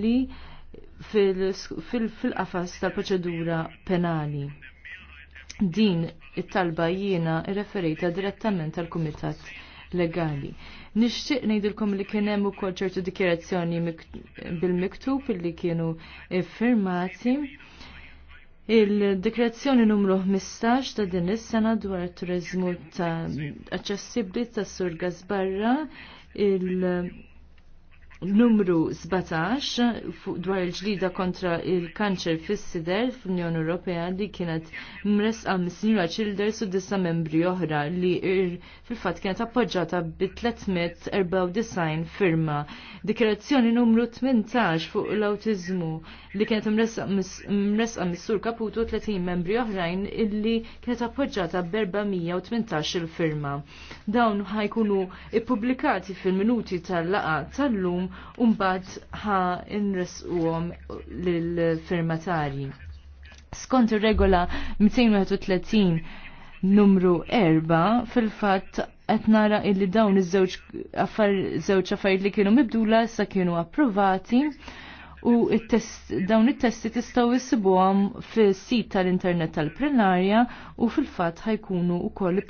li fil-qafas tal-proċedura penali. Din it-talba jiena referejta direttament tal-Kumitat Legali. Nixtieq ngħidilkom li kien hemm ukoll ċertu dikjerazzjoni bil-miktub li kienu firmati. Il-dekrazzjoni numru 15 ta' din is-sena dwar it-turizmu ta' aċċessibbli tas-Sur Gasbarra. il- numru 17 dwar il-ġlida kontra il-kanċer fis-sider fl-Unjoni Ewropea li kienet mresqa mis-Sinjura Childers u disa membri oħra li fil-fatt kienet appoġġata bi 394 firma. Dikerazzjoni numru 18 fuq l-autizmu li kienet mresqa mis-Sur kaputu 30 membri oħrajn illi kienet appoġġata b-418 il-firma. Dawn ħajkunu ippubblikati fil-minuti tal-laqa tal-lum umbat ħa inresquhom lill-firmatari. Skont ir-regola 231 numru 4 fil-fatt qed nara illi dawn iż-żewġ affarijiet li kienu mibdula sa kienu approvati. U dawn it-testi tistgħu issibuhom fis-sit tal-internet tal-plenarja u fil-fatt ħajkunu wkoll